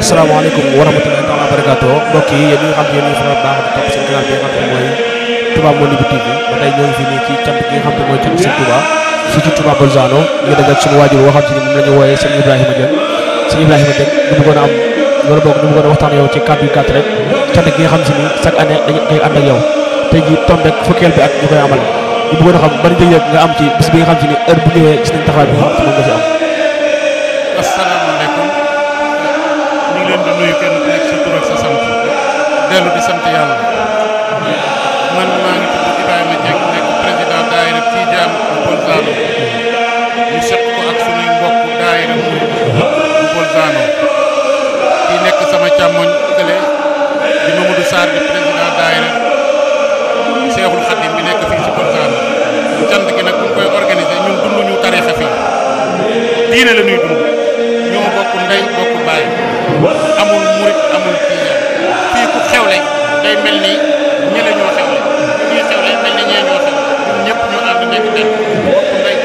asalaamaaleykum wa rahmatullahi taala wa barakaatu mbokk yi yéen ñi nga xam ne yéen ñi faral baax di topp seen canal bi nga xam ba tey ñoo ngi fi nii a am wala boog ñu bëggoon a yow ci kàddu yu gàtt rek cant gi nga xam si ni chaque bi ak ñu koy amal ñu bëggoon a xam ban jëg nga am ci bis bi nga xam si ni heure bu ñëwee gis nañ taxawaay bi nga xam si nga fi am leen nuyu kenn ku nekk sa sant dellu di sant yàlla man maa ngi tudd Ibrahima Dieng nekk président daayira Tidiane Bolzano ñu seq ko ak suñuy mbokk daayira muy Bolzano kii nekk sama càmmoñ kële di Mamadou Sarr di président daayira Seexul Xadim bi nekk fii ci Bolzano cant gi nag bu koy organiser ñun dunduñu tariixa fii diine la ñuy dund ñoo bokk ndey bokk baay amul murit amul fii ku xewle day mel ni ñi ñoo xewle fii xewle mel ni ñee ñoo xewle ñëpp ñu ànd nekk benn bokk mbay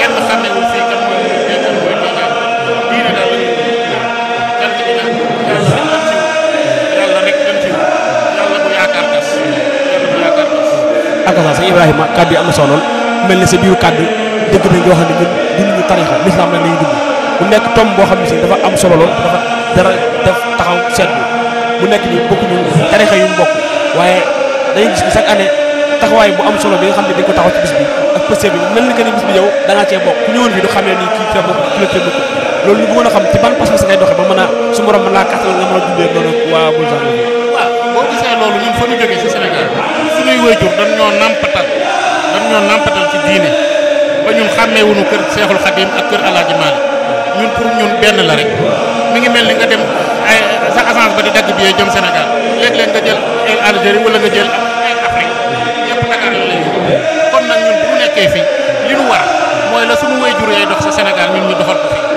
kan mooy murit fii kan yaakaar tas yàlla bu yaakaar Ibrahima kàddu yi am solo lool mel ni sa biiru kàddu dëgg nañ yoo xam ne ñun duñu tarixa lislaam la ñuy dund mu nekk tom boo xam ne si dafa am solo lool dafa dara def taxaw seetlu bu nekk ni bokkuñu tarixa yu mbokk waaye dañuy gis ni chaque année taxawaay bu am solo bi nga xam ne dañ ko taxaw ci bis bi ak pësté bi mel da ngaa cee bokk ku ñëwoon fi du xamee ni kii ca bokk kii la loolu ñu bëggoon a xam ci ban pas-pas ngay doxee ba mën a su morom mën laa kàttal nga mën a dundee noonu waa Bolzano waaw boo gisee loolu ñun fa ñu jógee ci Sénégal suñuy wéyjur dañ ñoo nampatal dañ ñoo nampatal ci diine ba ñun xàmmee wuñu kër Seexul Xadim ak kër Alaaji Maalik ñun pour ñun benn la rek mi ngi mel ni nga dem ay sa agence ba di dagg bi jëm Sénégal léeg-léeg nga jël ay Algérie wala nga jël ay Afrique yëpp Dakar la kon nag ñun bu nekkee fii li nu war mooy la suñu wéy jur yay dox sa Sénégal ñun ñu doxal ko fii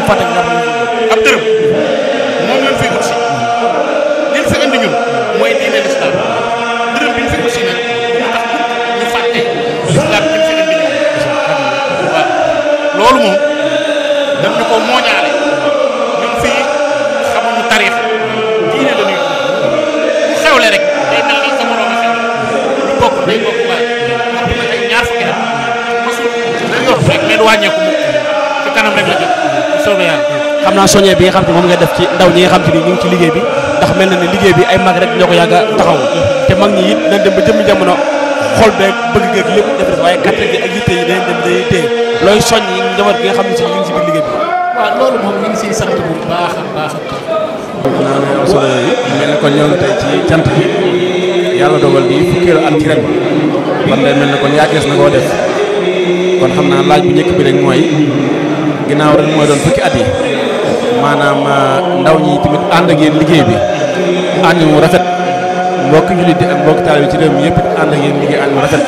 bu Fatick naa soññee bi nga xam ne moom nga def ci ndaw ñi nga xam te ni ñu ngi ci liggéey bi ndax mel na ne liggéey bi ay mag rek ñoo ko yàgg a taxaw te mag ñi it dañ dem ba jëmm jamono xol beeg bëgg géeg lépp def def waaye kàttan gi ak yitte yi dañ dem day téye looy soññ yi njaboot bi nga xam ne si ñu ngi si biir liggéey bi waaw loolu moom ñu ngi siy sant bu baax a baax naa ne am solo yi mel na kon ñoo ngi tey ci cant bi yàlla dogal bi fukkeelu at ci ren kon day mel na kon yàggees na koo def kon xam naa laaj bu njëkk bi rek mooy ginnaaw ren mooy doon fukki at yi maanaam euh, ndaw ñi tamit ànd ak liggéey bi ànd mu rafet mbokki jullit di ak mbokki taal bi ci dem mi yëpp ànd ak yéen rafet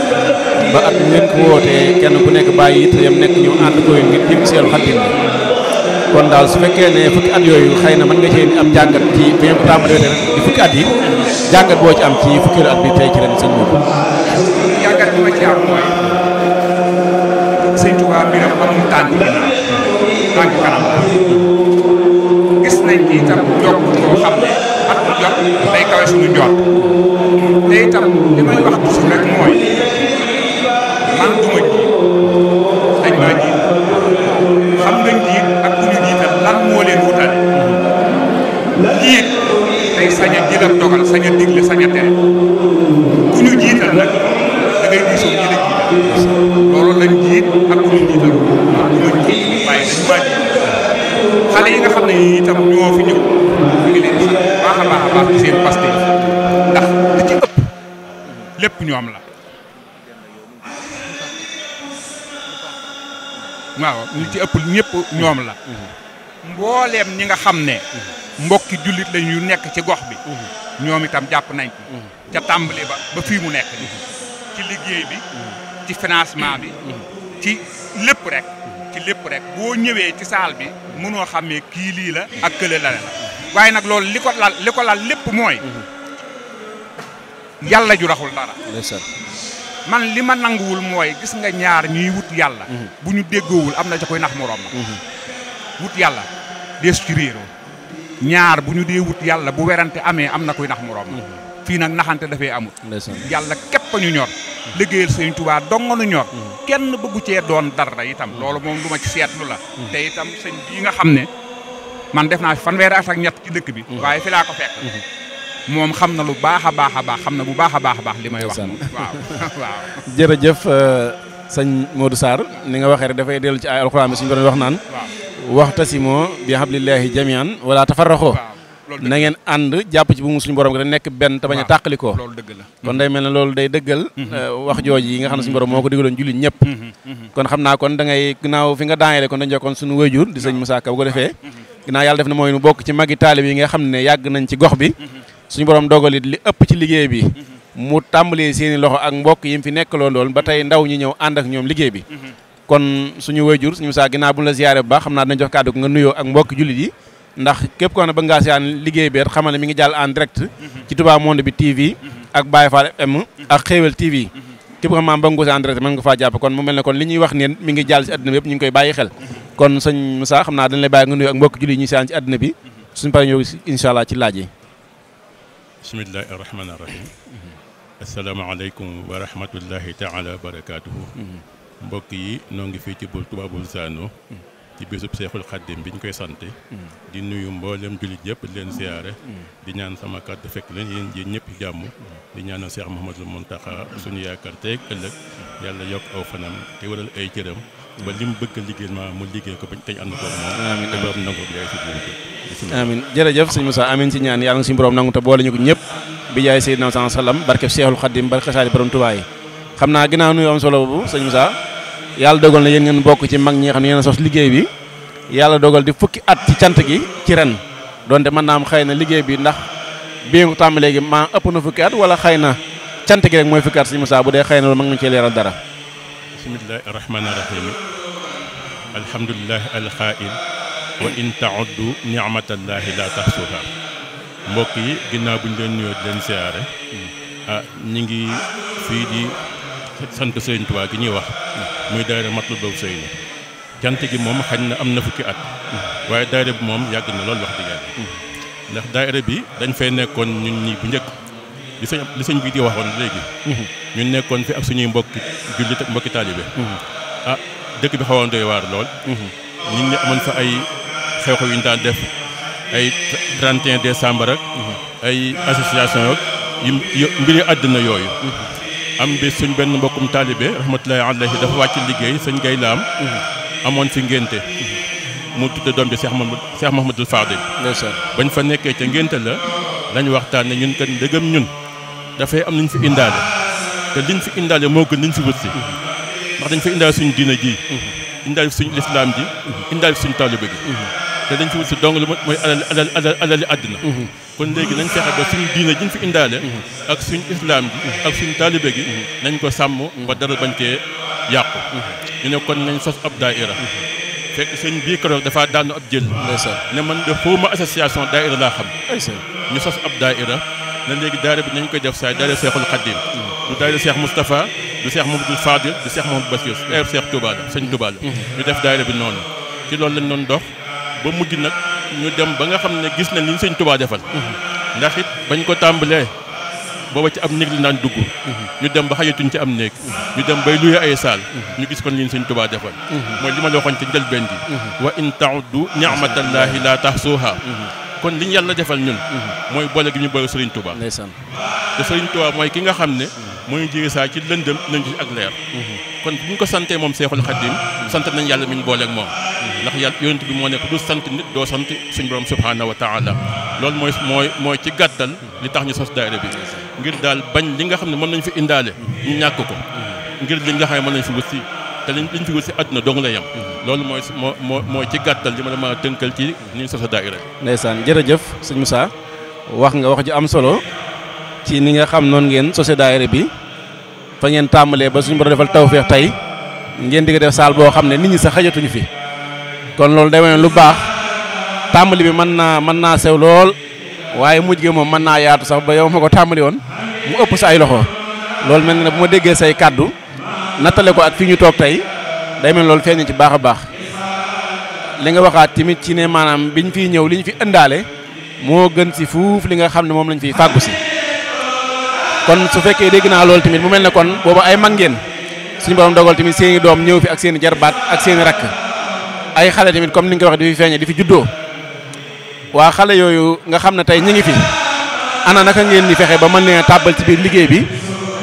ba at wootee kenn ku nekk bàyyi it yam nekk seen xarit kon daal su fekkee ne fukki yooyu xëy na mën nga cee am jàngat ci bi ngeen ko tàmbalee ren di fukki at yi jàngat boo ci am ci fukki at bi tey ci ren sëñ bi. jàngat bi ma ci am mooy ci itam yokk koo xam ne at mu jot day kawe suñu jot te itam li may wax toujours rek mooy man duma ji dañ maa ji xam nañ jiit ak ku ñu jiital lan moo leen wutale jiit day sañ a jël ak dogal sañ a digle sañ ku ñu jiital nag da ngay diisoo ñi la loolu lañ jiit ak ku ñu jiital xale yi nga xam ne itam ñoo fi ñëw ngi leen di baax a baax a baax ci seen Pastef ndax li ci ëpp lépp ñoom la waaw li ci ëpp ñëpp ñoom la mbooleem ñi nga xam ne mbokki jullit la nekk ci gox bi ñoom itam jàpp nañ ca tàmbali ba ba fii mu nekk ci liggéey bi ci financement bi ci lépp rek ci lépp rek boo ñëwee ci saal bi mënoo xàmmee kii lii la ak kële la waaye nag loolu li ko lal lépp mooy mhm. yàlla ju raxul dara man li ma nanguwul mooy gis nga ñaar ñuy wut yàlla mhm. bu ñu déggowul am na ca koy nax moroom ma mhm. wut yàlla dees ci réeroo ñaar bu ñu dee wut yàlla bu werante amee am na koy nax moroom ma fii nag naxante dafay amut yàlla képp képp ñu ñor liggéeyal sëriñ Tuubaa donga nu ñor mm-hmm. kenn bëggu cee doon dara itam mm-hmm. loolu moom lu ma ci seetlu la mm-hmm. te itam sëñ bii nga xam ne man def naa fi fanweeri at ak ñett ci dëkk bi waaye fi laa ko fekk moom xam na lu baax a baax a baax xam na bu baax a baax a baax li may wax waaw waaw jërëjëf euh, sëñ Modou Sarr ni nga waxee rek dafay dellu ci ay alxuraan bi suñu borom wax naan waxtasimoo bi hablillahi jamian wala tafarraqoo na ngeen and japp ci bu mu suñu borom rek nek ben ta baña takaliko tàqalikoo loolu la kon day melni lolou day deugal mhm. euh, wax joji yi nga xam suñu borom moko digalon digaloon ñepp mhm, mhm. kon xamna kon da ngay ginnaaw fi nga daaneele kon dañ jokkoon suñu wéyjur di señ Moussa Ka bu ko defé ginnaaw yalla def na moy nu bok ci magi talib yi nga xamne yag nañ ci gox bi suñu borom dogalit li ëpp ci liggéey bi mu tambalé seeni loxo ak mbokk yim mu fi nekk lool ba tey ndaw ñi ñew and ak ñom liggéey bi kon suñu wéyjur suñu Moussa ginnaaw bu la ziaré ba xamna dañ jox kaddu nga nuyo ak mbokk jullit yi ndax képp koo xam ba bëgg ngaa siyaan liggéey bi xamal ne mi ngi jàll en direct ci Touba Monde bi TV ak Baye Fall FM ak Xéewal TV képp koo xam maam bëgg nga si en direct mën nga faa jàpp kon mu mel ne kon li ñuy wax ne mi ngi jàll si koy bàyyi xel kon sëñ Moussa xam naa dañ lay bàyyi nga nuyu ak mbokk julli ñuy siyaan ci àdduna bi suñ paree ñëw incha allah ci laaj yi bismillahi rahmaani rahim asalaamaaleykum wa rahmatullahi taala wa mm-hmm. mbokk yi noo ngi fii ci bu Touba Bolzano ci bésub seexul xaddim bi ñu koy sante di nuyu mboolem jullit yëpp di leen siyaare di ñaan sama kàddu fekk leen yéen ji ñëpp jàmm di ñaanal Seex Muhammadul Muntaxa suñu yaakaar teeg ëllëg yàlla yokk aw fanam te waral ay cëram ba li bëgg a liggéeyal ma mu liggéey ko bañ teñ ànd ko moom amiin te borom nangu bi yaay si ñaan yàlla na suñu borom nangu te boole ñu ko ñëpp bi jaay Seydina sallam barkeb Seexul Xaddim barke saali borom Tuubaa xam naa ginnaaw yàlla dogal na yéen ngeen bokk ci mag ñi nga xam ne yéen a sos liggéey bi yàlla dogal di fukki at ci cant gi ci ren donte mën na am xëy na liggéey bi ndax bi nga tàmbalee gi maa ëpp na fukki at wala xëy na cant gi rek mooy fukki at si Moussa bu dee xëy na loolu mag nañu cee leeral dara. bismillahi rahmaani rahim alhamdulilah alqail wa in taoddu niamatallahi la tahsuha mbokk yi ginnaaw bu ñu leen nuyoo di leen siyaare ah ñu ngi fii di. sant sëriñ Tuubaa gi ñuy wax muy daayira Matlabul Fawzayni cant gi moom xañ na am na fukki at waaye daayira bi moom yàgg na lool wax dëgg yàlla ndax daayira bi dañ fay nekkoon ñu ñi bu njëkk li sëñ li sëñ bi di waxoon léegi ñu nekkoon fi ak suñuy mbokki jullit ak mbokki taalibe a ah, dëkk bi xawoon doy waar lool nit ñi amoon fa ay xew-xew yu ñu daan def ay 31 décembre ak ay association ak yu mbiri àddina yooyu am bi suñ benn mbokkum taalibe rahmatullahi alayhi dafa wàcc liggéey sëñ gay mm-hmm. amoon fi ngénte mm-hmm. mu tudde doom bi Cheikh Mahmoud Cheikh Mahmoudul Fadil bañ fa nekkee ca ngénte la lañ waxtaan ne ñun kat ndëgëm ñun dafay am liñ fi indaale te liñ fi indaale moo gën liñ fi wut si mm-hmm. ndax dañ fa indaale suñu diina ji indaale fi suñu lislaam ji indaale fi suñu taalibe gi te dañ fi wut si dong lu mooy alal alal alal alali àddina kon léegi nañ fexe ba suñu diine ji ñu fi indaale ak suñu islaam ji ak suñu taalibe gi nañ ko sàmm ba dara bañ cee yàqu ñu ne kon nañ sos ab daaira fekk sëñ bii keroog dafaa daanu ab jël ne man de xawma association daaira laa xam ñu sos ab daaira na léegi daaira bi nañ koy def saay daaira Seexul Xadiim du daaira Seex Moustapha du Seex Mamadou Fadil du Seex Mamadou Bassir daaira Seex Touba la sëñ Touba la mm-hmm. ñu def bi noonu ci loolu lañ doon ñu dem ba nga xam ne gis nañ li ñu sëñ Tuubaa defal ndax it bañ ko tàmbalee booba ci am néeg li naan dugg ñu dem ba xajatuñ ci am néeg ñu dem bay luye ay saal ñu gis kon li ñu sëñ Tuubaa defal mooy li ma la waxoon ci njëlbeen bi wa in tauddu ni'matallaahi laa tahsuuhaa kon li ñu yàlla defal ñun mooy boole gi ñu boole sëriñ Tuubaa ndeysaan te sëriñ Tuubaa mooy ki nga xam ne mooy jiri saa ci lëndëm nañ ci ak leer kon bu ñu ko santee moom Seexul Xadiim sant nañ yàlla ndax yàlla yonent bi mo nek du dul sant nit do sant suñu borom subhanahu wa taala lol moy moy moy ci gàttal li tax ñu sos daayira bi ngir dal bañ li nga xamne mën nañ fi indalé ñu ñak ko ngir li nga xamne mën nañ fi wut té liñ liñ fi wut aduna do nga la yem loolu moy ci gàttal li ma la mën ci ni ñu sos daayira bi ndeysaan jërëjëf suñu musa wax nga wax ji am solo ci ni nga xam non ngeen sos daayira bi fa ngeen tambalé ba suñu borom defal tawfiq tay ngeen diga def sal bo xamne nit ñi sax xajatuñu fi kon lol demé lu mana tambali bi man na man na sew lol waye mujj gi moom mën naa yaatu sax ba yow mako tambali won mu upp sa ay loxo lol melni buma déggé say kaddu natalé ko ak fiñu tok tay day mel lol ci baxa bax li nga waxat timit ci né manam biñ fi ñew liñ fi ëndalé mo gën si fuuf li nga xamné mom lañ fi fagu ci kon su fekkee dégg na lol timit mu melni kon bobu ay mag suñu borom dogal timit seen doom fi ak seen jarbat ak seen rak ay xale tamit comme ni nga ko waxee di fi feeñee di fi juddoo waa xale yooyu nga xam ne tey ñu ngi fi ana naka ngeen di fexe ba mën leen taabal ci biir liggéey bi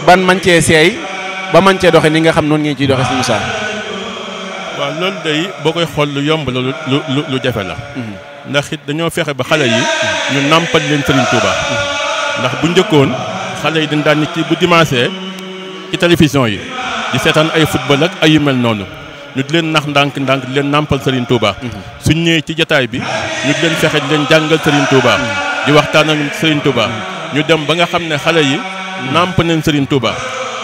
ban man cee seey ba man cee doxee ni nga xam noonu ngeen ciy doxe si Moussa. waaw loolu day boo koy xool lu yomb la lu lu lu jafe la. Mhm. ndax it dañoo fexe ba xale yi. ñu nàmpal leen Serigne Touba. ndax bu njëkkoon xale yi dañ daan nit ci bu dimanche ci télévision yi di seetaan ay football ak ay yu mel noonu. ñu di leen nax ndànk ndànk di leen nàmpal Serigne Touba. suñ ñëwee ci jataay bi ñu di leen fexe di leen jàngal Serigne Touba. di waxtaan ak Serigne Touba. ñu dem ba nga xam ne xale yi nàmp neen Serigne Touba.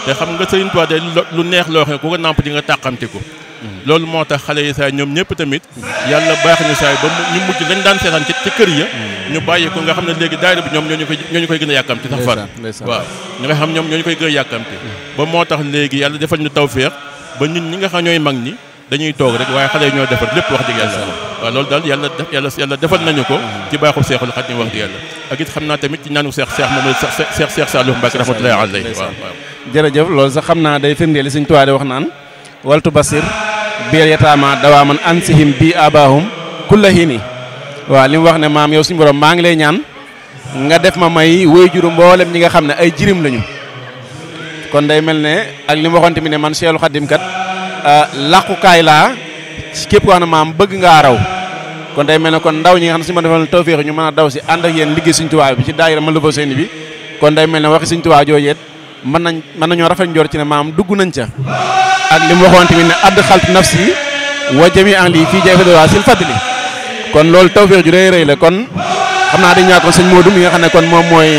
te xam nga Serigne Touba day lu neex loo xam ko ku ko nàmp di nga ko loolu moo tax xale yi saay ñoom ñëpp tamit yàlla baax na saay ba ñu mujj lañ daan seetaan ci kër ya ñu bàyyi ko nga xam ne léegi daayira bi ñoom ñoo ñu koy ñoo ñu koy gën a yàkkamti sax far ñoom ñoo ñu koy gën ba moo tax léegi yàlla defal ñu tawféex ba ñun ñi nga xam ñooy mag ñi dañuy toog rek waaye xale ñoo defar lépp wax dëgg yàlla waaw loolu daal yàlla def yàlla yàlla ko ci baaxul seexul xaj wax dëgg yàlla ak it xam naa tamit ci ñaanu seex seex moom seex seex Saliou Mbacke rahmatullahi alayhi waaw jërëjëf loolu sax xam naa day firndee li Sëriñ Tuubaa di wax naan waltu basir biir yataama dawaa man ansihim bi abahum kulla hini waaw li mu wax ne maam yow suñu borom maa ngi lay ñaan nga def ma may wéy juru mboolem ñi nga xam ne ay jirim lañu kon day mel ne ak li ma waxoon tamit ne man Seexul Xadim kat ah, làqukaay laa si képp koo xam ne maam bëgg ngaa raw kon day mel ne kon ndaw ñi nga xam ne suñu ma defal tawféex ñu mën a daw si ànd ak yéen liggéey Sëñ Tuubaa bi ci daayira Matlabul Fawzayni bi kon day mel ne waxi Sëñ Tuubaa joojeet mën nañ mën nañoo rafet njort ci ne maam dugg nañ ca ak li mu waxoon tamit ne add xalt nafsi wa jami an lii fii jafe waa sil fadli kon loolu tawféex ju rëy kon xam naa dañ ñaa kon sëñ Modou kon moom mooy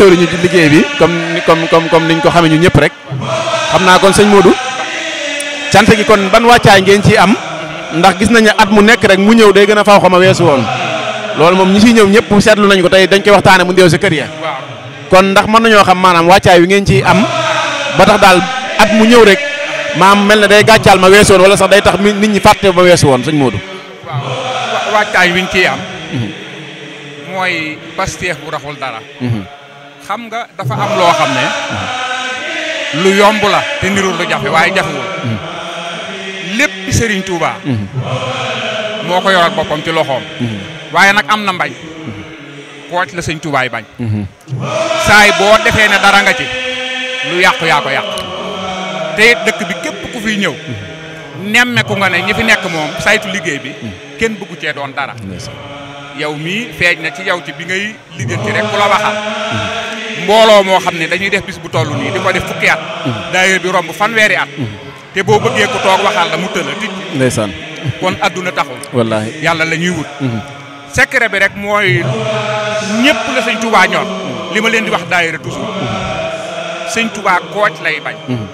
jëwriñu ci liggéey bi comme comme comme comme niñ ko xamee ñu ñëpp rek xam naa kon sëñ Modou cant gi kon ban wàccaay ngeen ci am ndax gis nañu at mu nekk rek mu ñëw day gën a faw ma weesu woon loolu moom ñi siy ñëw ñëpp seetlu nañ ko tey dañ koy waxtaane mu ndeew si kër ya kon ndax mën nañoo xam maanaam wàccaay wi ngeen ci am ba tax daal at mu ñëw rek maam mel na day gàccaal ma weesu woon wala sax day tax nit ñi fàtte ma weesu woon sëñ Modou waaw wàccaay wi ñu am mhm. mooy pasteef bu raxul dara mhm. xam nga dafa am loo xam ne lu yomb la te nirul lu jafe waaye jafewul lépp Serigne Touba moo ko yoral boppam ci loxoom waaye nag am na mbañ kooc la sëñ Touba bañ saay boo defee ne dara nga ci lu yàqu yaa ko yàq te it dëkk bi képp ku fiy ñëw nemmeeku nga ne ñi fi nekk moom saytu liggéey bi kenn bëggu cee doon dara yow mii feeñ na ci yow ci bi ngay liggéey ci rek ku la waxal mbooloo moo xam ne dañuy def bis bu toll nii di ko def fukki at daayira bi romb fanweeri at te boo bëggee ko toog waxal la mu tëla tic ndeysaan kon adduna taxul wallaahi yàlla la ñuy wut mhm. secret bi rek mooy ñëpp la sëñ Touba ñor li ma leen di wax daayira toujours sëñ Touba kooc lay bañ mhm.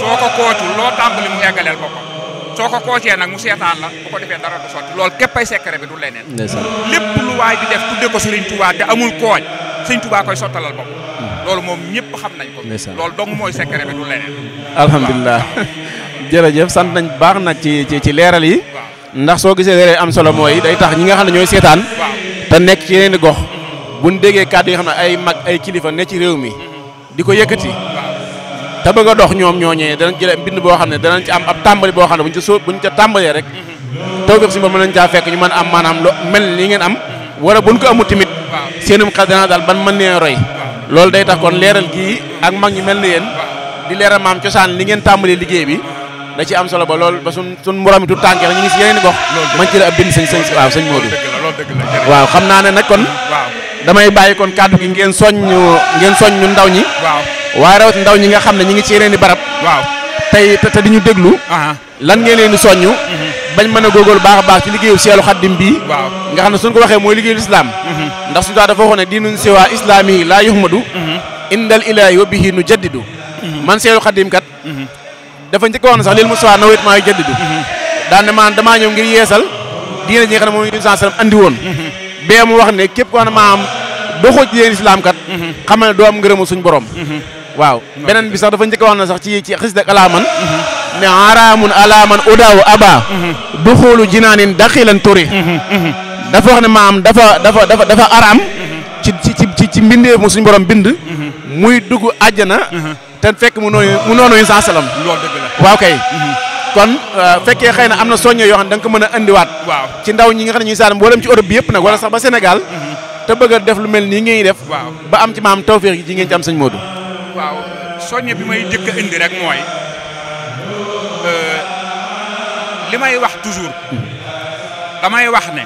soo ko koocul loo tàmbali mu eggaleel boppam soo ko koocee nag mu seetaan la bu ko defee dara du sotti loolu képp ay secret bi du leneen lépp lu waay di def tudde ko sëriñ Touba te amul kooc sëñ Touba koy sottalal bopp hmm. loolu moom ñëpp xam nañ ko loolu dong mooy secret bi du leneen alhamdulilah jërëjëf sant nañ baax nag ci ci leeral yi ndax soo gisee leeral am solo yi day tax ñi nga xam ne ñooy seetaan te nekk ci yeneen gox buñ déggee kàddu yi xam ne ay mag ay kilifa ne ci réew mi mm-hmm. di ko yëkkati te bëgg a dox ñoom ñooñee danañ jëlee bind boo xam ne danañ ci am ab tàmbali boo xam ne buñ ca soo buñ ca tàmbalee rek taw bi si ba mën nañ caa fekk ñu mën am maanaam lu mel ni ngeen am mm-hmm. wala buñ ko amul tamit seenum xel dana daal ban man nee roy loolu day tax kon leeral gii ak mag ñu mel ni yéen di leeral maam cosaan li ngeen tàmbalee liggéey bi da ci am solo ba loolu ba sun sun moromi tu tànke ñu ngi si yeneen i gox man ci la ab bind sëñ sëñ waaw sëñ Modou waaw xam naa ne na kon damay bàyyi kon kàddu gi ngeen soñ ngeen soññ ndaw ñi waaye rawat ndaw ñi nga xam ne ñi ngi ci yeneen i barab tey te di ñu déglu lan ngeen leen di soññ mhm. bañ mën a góorgóorlu baax a baax ci liggéeyu seelu xaddim bii nga xam ne suñ ko waxee mooy liggéeyu lislaam mhm. ndax suñu dafa waxoon ne diinun siwa islaami laa yuhmadu mhm. indal ilaahi wa bihi nu jaddidu mhm. man seelu xaddim kat dafa njëkk wax ne sax lil Mustafa nawet maa yu jaddidu daan ne maanaam damaa ñëw ngir yeesal diine ji nga xam ne moom yonent bi sallam andi woon bee mu wax ne képp ko xam ne maam doxoo ci yéen islaam ne doo am ngërëmu suñ borom waaw beneen bi sax dafa njëkk wax na sax ci ci xis ne araamun ala man udaaw aba duxulu jinaanin lan turi dafa wax ne maam dafa dafa dafa dafa araam ci ci ci mbindeef mu suñu borom bind muy dugg àjjana te fekk mu noonu mu noonu yu saa salaam loolu waaw kay kon euh, fekkee xëy na am na soñño yoo xam ne da ko mën a indiwaat waaw ci ndaw ñi nga xam ne ñuy saan mboolem ci Europe bi yëpp nag wala sax ba Sénégal te bëgg def lu mel nii ngeen def ba am ci maam tawféex ji ngeen ci am sañ Modou waaw soñño bi may jëkk indi rek mooy Euh, li may wax toujours damay wax ne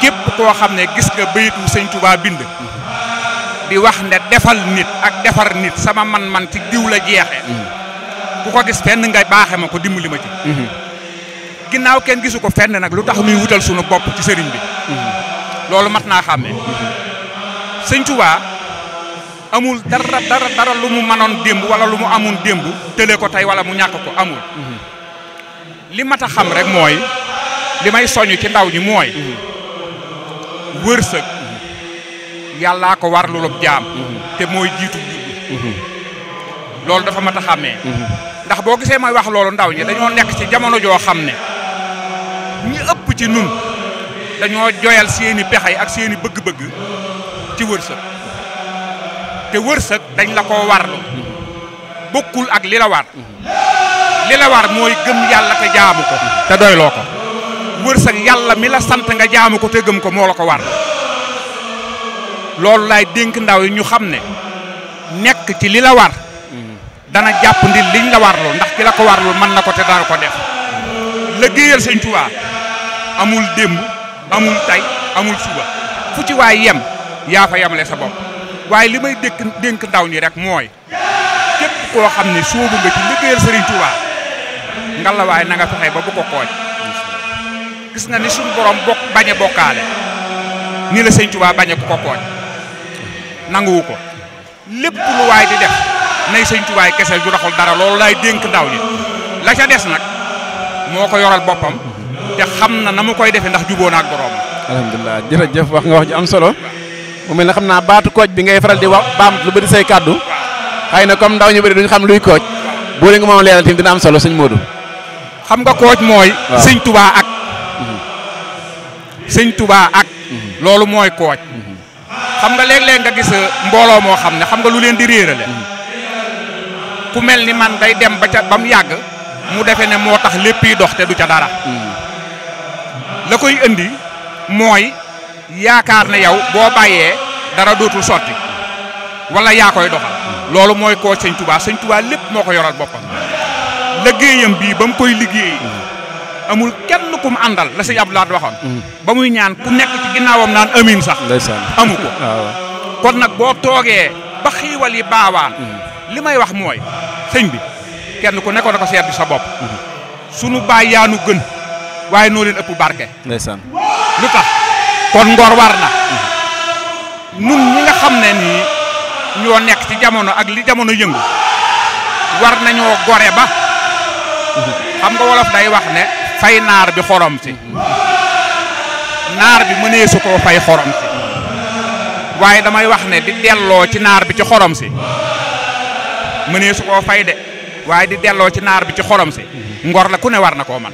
képp koo xam ne gis nga bayitu sëñ bind di wax ne defal nit ak defar nit sama man-man ci diw la jeexe ku ko gis fenn nga baaxe ma ko dimbali ma ci ginnaaw kenn gisu ko fenn nag lu tax nuy wutal sunu bopp ci sëriñ bi loolu mat naa xàmmee sëñ Touba amul dara dara dara lu mu mënoon démb wala lu mu amul démb tële ko tey wala mu ñàkk ko amul mhm. li mat xam rek mooy li may soñu ci ndaw ñi mooy mhm. wërsëg mhm. yàllaa ko war lulub jaam te mooy jiitu juddu loolu dafa mat a xàmmee ndax boo gisee may wax loolu ndaw ñi dañoo nekk ci jamono joo xam ne ñi ëpp ci nun dañoo joyal seeni pexe ak seeni bëgg-bëgg ci wërsëg te wërsëg dañ la ko warlu bokkul ak li la war li la war mooy gëm yàlla te jaamu ko te doyloo ko wërsëg yàlla mi la sant nga jaamu ko te gëm ko moo la ko war loolu laay dénk ndaw yi ñu xam ne nekk ci li la war dana jàpp ndi liñ la warlu ndax ki la ko warlu mën na ko te dana ko def liggéeyal Sëñ Tuubaa amul démb amul tay amul suba fu ci waay yem yaa fa yemale sa bopp waaye li may dékk dénk ndaw ñi rek mooy képp koo xam ne sóobu nga ci liggéeyal Serigne Touba nga la waaye na nga fexe ba bu ko kooj gis nga ni suñ borom bokk bañ a bokkaale ni la Serigne Touba bañ a ko kooj nanguwu ko lépp lu waay di def nay Serigne Touba kese du raxul dara loolu laay dénk ndaw ñi la ca des nag moo ko yoral boppam te xam na na mu koy defee ndax juboo na ak borom. alhamdulilah jërëjëf wax nga wax ji am solo. mu mel ne xam naa baatu kooj bi ngay faral di wax baam lu bëri say kàddu xëy na comme ndaw ñu bëri duñ xam luy kooj boo leen nga moom leeral tim dina am solo sëñ Modou. xam nga kooj mooy. sëñ tubaa ak. Mhm. sëñ tubaa ak. Mhm. loolu mooy kooj. Mhm. xam nga léeg-léeg nga gis uh, mbooloo moo xam ne xam nga lu leen di réerale. ku mel ni man day dem ba ca ba mu yàgg mu defee ne moo tax lépp yi dox te du ca dara. la koy indi mooy. yaakaar ne yow boo bàyyee dara dootul sotti wala yaa koy doxal loolu mooy koo sëñ tubaa sëñ tubaa lépp moo ko yoral boppam liggéeyam bii ba mu koy liggéey amul kenn ku mu àndal la sëñ Abdou Lahad waxoon mm-hmm. ba muy ñaan ku nekk ci ginnaawam naan amiin sax amu ko kon nag boo toogee ba xiiwal yi baawaan mm-hmm. li may wax mooy sëñ bi kenn ku nekkoon na ko bi sa bopp mm-hmm. sunu baay yaanu gën waaye noo leen ëpp barke lu tax kon ngor war na nun ñi nga xam ne nii ñoo nekk ci jamono ak li jamono yëngu war nañoo gore ba xam nga wolof day wax ne fay naar bi xorom si naar bi mënee su koo fay xorom si waaye damay wax ne di delloo ci naar bi ci xorom si mënee su koo waaye di delloo ci naar bi ci xorom si ngor la ku ne war na koo man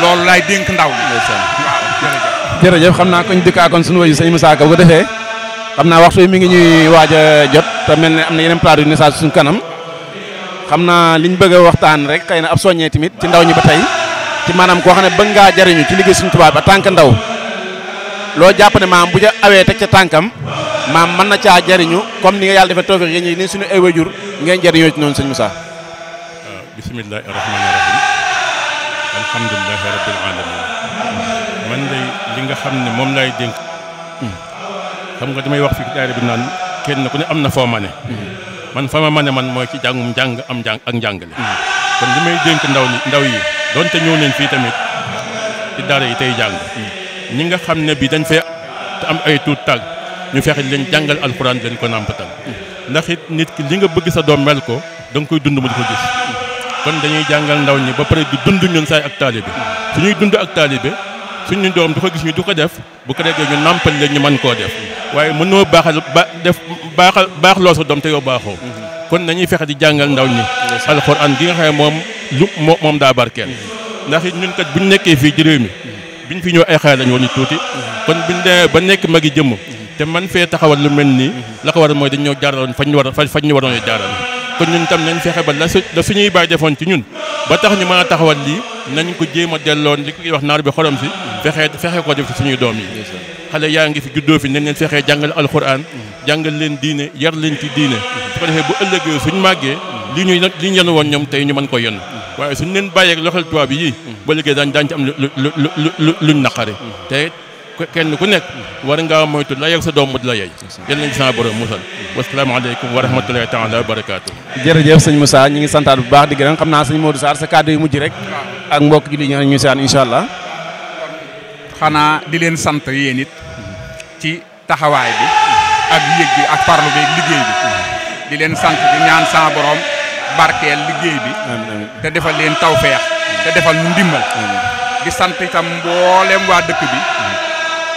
loolu laay dénk ndaw jërëjëf xam naa koñ dëkkaa suñu waju sëñ Moussa Ka bu ko defee xam naa waxtu mi ngi ñuy waaj a mel ne am na yeneen plateau yu suñu kanam xam naa liñ bëgg a waxtaan rek xëy na ab soññee tamit ci ndaw ñi ba tey ci maanaam koo xam ne bëgg ngaa jariñu ci liggéey suñu tubaab ba tànk ndaw loo jàpp ne maam bu ja awee teg ca tànkam maam mën na caa jariñu comme ni nga yàlla defee tawfiq yéen ñi ni suñu ay wajur ngeen jariñoo ci noonu sëñ Moussa bismillahi rahmani rahim man day li nga xam ne moom laay dénk xam nga damay wax fi daara bi naan kenn ku ne am na foo mane man fa ma mane man mooy ci jàngum njàng am njàng ak njàngale kon li may dénk ndaw ni ndaw yi donte ñëw nañ fii tamit ci daara yi tey jàng ñi nga xam ne bi dañ fee am ay tuut tàgg ñu fexe leen jàngal alxuraan leen ko nàmpatal ndax it nit ki li nga bëgg sa doom mel ko da koy dund mu di ko gis kon dañuy jàngal ndaw ñi ba pare di dund ñun saay ak suñu doom du ko gis ñu du ko def bu ko defee ñu nàmpal leen ñu mën koo def waaye mënoo baaxal ba def baaxal baax loo sa doom te yow baaxoo. Mm-hmm. kon nañuy fexe di jàngal ndaw ñi. alxuraan gi nga xam ne moom lu moom daa barkeel. Mm-hmm. ndax it ñun kat ñu nekkee fii ci réew mi. Mm-hmm. biñ fi ñëw ay xale lañ ni tuuti. kon buñ demee ba nekk magi jëmm. te man fee taxawal lu mel nii. la ko waral mooy dañ ñoo jaaraloon fañ ñu war fañ ñu waroon a jaaral. kon ñun tam nañ fexe ba la la suñuy bàyyi defoon ci ñun ba tax ñu mën a taxawal lii nañ ko jéem a delloon li koy wax naar bi xorom si fexe fexe ko def ci suñuy doom yi xale yaa ngi fi juddoo fi nañ leen fexee jàngal alxuraan jàngal leen diine yar leen ci diine su ko defee bu ëllëgee suñ màggee li ñuy li ñu yenn woon ñoom tey ñu mën ko yenn waaye suñ leen bàyyeeg loxol tubaab yi ba liggéey daañ daañ ci am lu lu lu luñ naqare te kenn ku nekk war ngaa moytu la yeg sa doom la yey borom musal wasalaamaaleykum wa rahmatullahi taala wa barakaatu jërëjëf sëñ Moussa ñu ngi santaat bu baax di gërëm xam naa sëñ Modou Sarr sa kàddu yu mujj rek ak mbokk julli ñu ñu saan incha allah di leen sant yéen it ci taxawaay bi ak yëg bi ak parlu bi bi di leen sant di ñaan sama borom barkeel liggéey bi te defal leen tawfeex te defal ndimbal di sant itam bi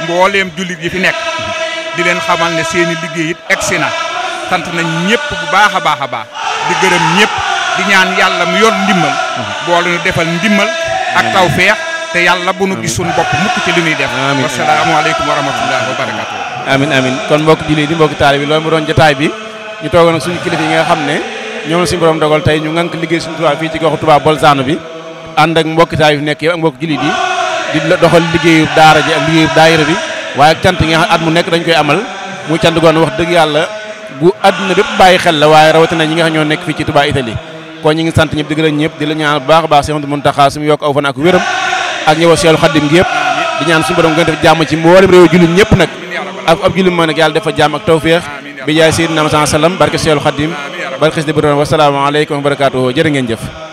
mbooleem jullit yi fi nekk di leen xamal ne seeni liggéey it egsi na sant nañ ñëpp bu baax a baax a baax di gërëm ñëpp di ñaan yàlla mu yor ndimmal boole nu defal ndimmal ak taw feex te yàlla bu nu gis suñu bopp mukk ci li ñuy def wasalaamaaleykum wa rahmatullah wa barakatu amin amin kon mbokk jullit di mbokki taali bi loolu mu doon jotaay bi ñu toogoon ak suñu kilifa yi nga xam ne ñoom la suñu borom dogal tey ñu ngànk liggéey suñu tubaab fii ci goxu tubaab Bolzano bi ànd ak mbokki taali bi nekk yow ak mbokk jullit di doxal liggéeyu daara ji ak liggéeyu daayira bi waaye cant yi at mu nekk dañ koy amal muy cant goon wax dëgg yàlla bu àdduna bépp bàyyi xel la waaye rawatina ñi nga xam nekk fii ci Touba Italie kon ñi ngi sant ñëpp di gërëm ñëpp di la ñaan bu baax a baax Cheikh Ahmadou Mountakha suñu ci mboolem jullit ñëpp nag ab ab jullit moo nag yàlla dafa jàmm ak tawféex bi jaay Seydina Muhammad sallam barke Cheikhoul Khadim barke Sidi Bourana wasalaamaaleykum wa barakaatuhu jërë ngeen